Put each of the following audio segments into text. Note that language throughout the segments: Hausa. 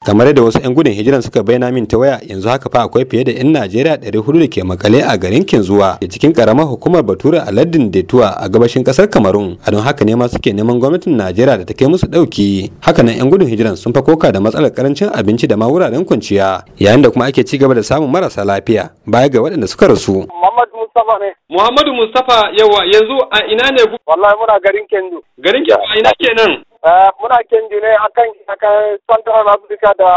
kamar da wasu 'yan gudun hijiran suka bayyana min ta waya yanzu haka fa akwai fiye da 'yan najeriya 400 da ke makale a garin kinzuwa da cikin karamar hukumar bature aladdin lardin detuwa a gabashin kasar kamarun a don haka ne ma suke neman gwamnatin najeriya da ta kai musu dauki hakanan 'yan gudun hijiran sun fa koka da matsalar karancin abinci da ma wuraren kwanciya yayin da kuma ake ci gaba da samun marasa lafiya baya ga waɗanda suka rasu ne. Muhammadu Mustapha yawa yanzu a ina ne? Wallahi muna garin Kendu. Garin Kendu a ina kenan? Eh, muna kin ne akan akan Central Africa da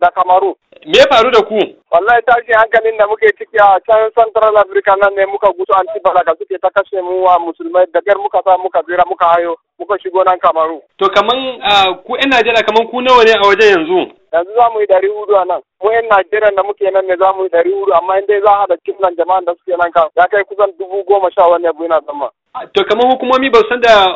da Kamaru. Me faru da ku? Wallahi tashin hankalin da muke ciki a can Central Africa nan ne muka gutu an ci balaga suke ta kashe mu wa musulmai da gar muka sa muka zira muka hayo muka shigo nan Kamaru. To kaman ku 'yan Najeriya kaman ku nawa ne a waje yanzu? Yanzu za mu yi ɗari hudu a nan. Mu 'yan Najeriya da muke nan ne za mu yi ɗari hudu amma in dai za a haɗa jimlan jama'an da suke nan kan ya kai kusan dubu goma sha wani abu yana zama. To kamar hukumomi ba san da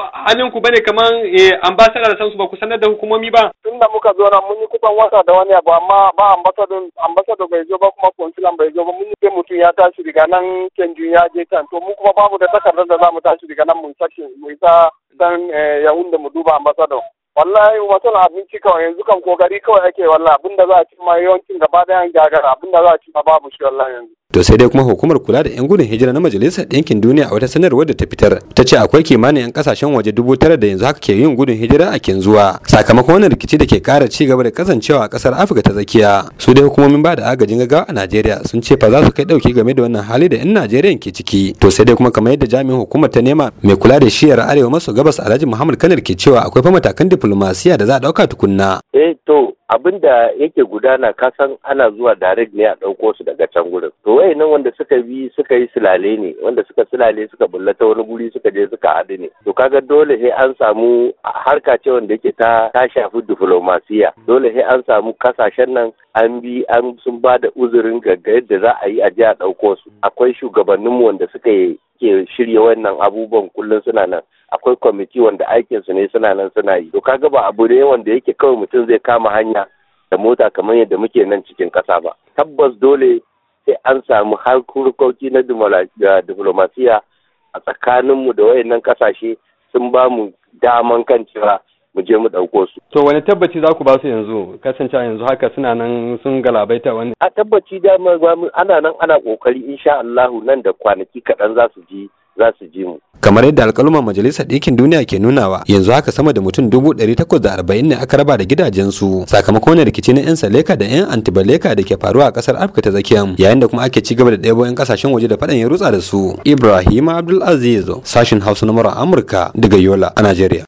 ku bane kamar eh, ambasada da sansu ba ku sanar da hukumomi ba. Tun muka zo mun yi kuban wasa da wani abu amma ba ambasada bai zo ba kuma konsulan bai zo ba mun yi mutum ya tashi daga nan kenjin ya je can to mu kuma babu da takardar da za mu tashi daga nan mun sakin mu isa dan yawun da mu duba ambasada. wallahi mutum abinci kawai yanzu kan kokari kawai ake wallahi abinda za a ci ma yawancin gaba yan gagara abinda za a ci ma babu shi wallahi yanzu to sai dai kuma hukumar kula da 'yan gudun hijira na majalisar ɗinkin duniya a wata sanarwar da ta fitar ta ce akwai kimanin 'yan kasashen waje dubu tara da yanzu haka ke yin gudun hijira a zuwa. sakamakon wannan rikici da ke ƙara ci gaba da kasancewa a ƙasar afirka ta tsakiya su dai hukumomin ba da agajin gaggawa a najeriya sun ce fa za su kai ɗauki game da wannan hali da 'yan najeriya ke ciki to sai dai kuma kamar yadda jami'in hukumar ta nema mai kula da shiyar arewa maso gabas alhaji muhammad kanar ke cewa akwai fa matakan diplomasiya da za a ɗauka tukunna. Eh to abin da yake gudana kasan ana zuwa direct ne a ɗauko su daga can gurin. To nan wanda suka bi suka yi silale ne wanda suka silale suka bulla ta wani guri suka je suka haɗu ne. To kaga dole sai an samu harka ce wanda yake ta ta shafi diplomasiya. Dole sai an samu kasashen nan an bi an sun ba da uzurin gagga da za a yi a je a ɗauko su. Akwai shugabanninmu wanda suka ke shirya wannan abubuwan kullum suna nan. akwai kwamiti wanda aikin su ne suna nan suna yi to kaga ba abu ne wanda yake kawai mutum zai kama hanya da mota kamar yadda muke nan cikin kasa ba tabbas dole sai an samu harkokoki na diplomasiya a tsakaninmu da wayannan kasashe sun ba mu daman kan cewa mu je mu ɗauko su. To wani tabbaci za ku ba su yanzu kasance yanzu haka suna nan sun galabaita wani. A tabbaci dama ana nan ana ƙoƙari insha Allahu nan da kwanaki kaɗan za su ji za su ji mu. Kamar yadda alkaluman Majalisar Ɗinkin Duniya ke nunawa yanzu haka sama da mutum dubu ɗari takwas da arba'in ne aka raba da gidajen su. sakamakon rikici na 'yan saleka da 'yan antibaleka da ke faruwa a ƙasar Afirka ta tsakiya yayin da kuma ake ci gaba da ɗebo 'yan ƙasashen waje da faɗan ya rutsa da su. Ibrahim Abdulaziz sashin Hausa na Amurka daga Yola a Najeriya.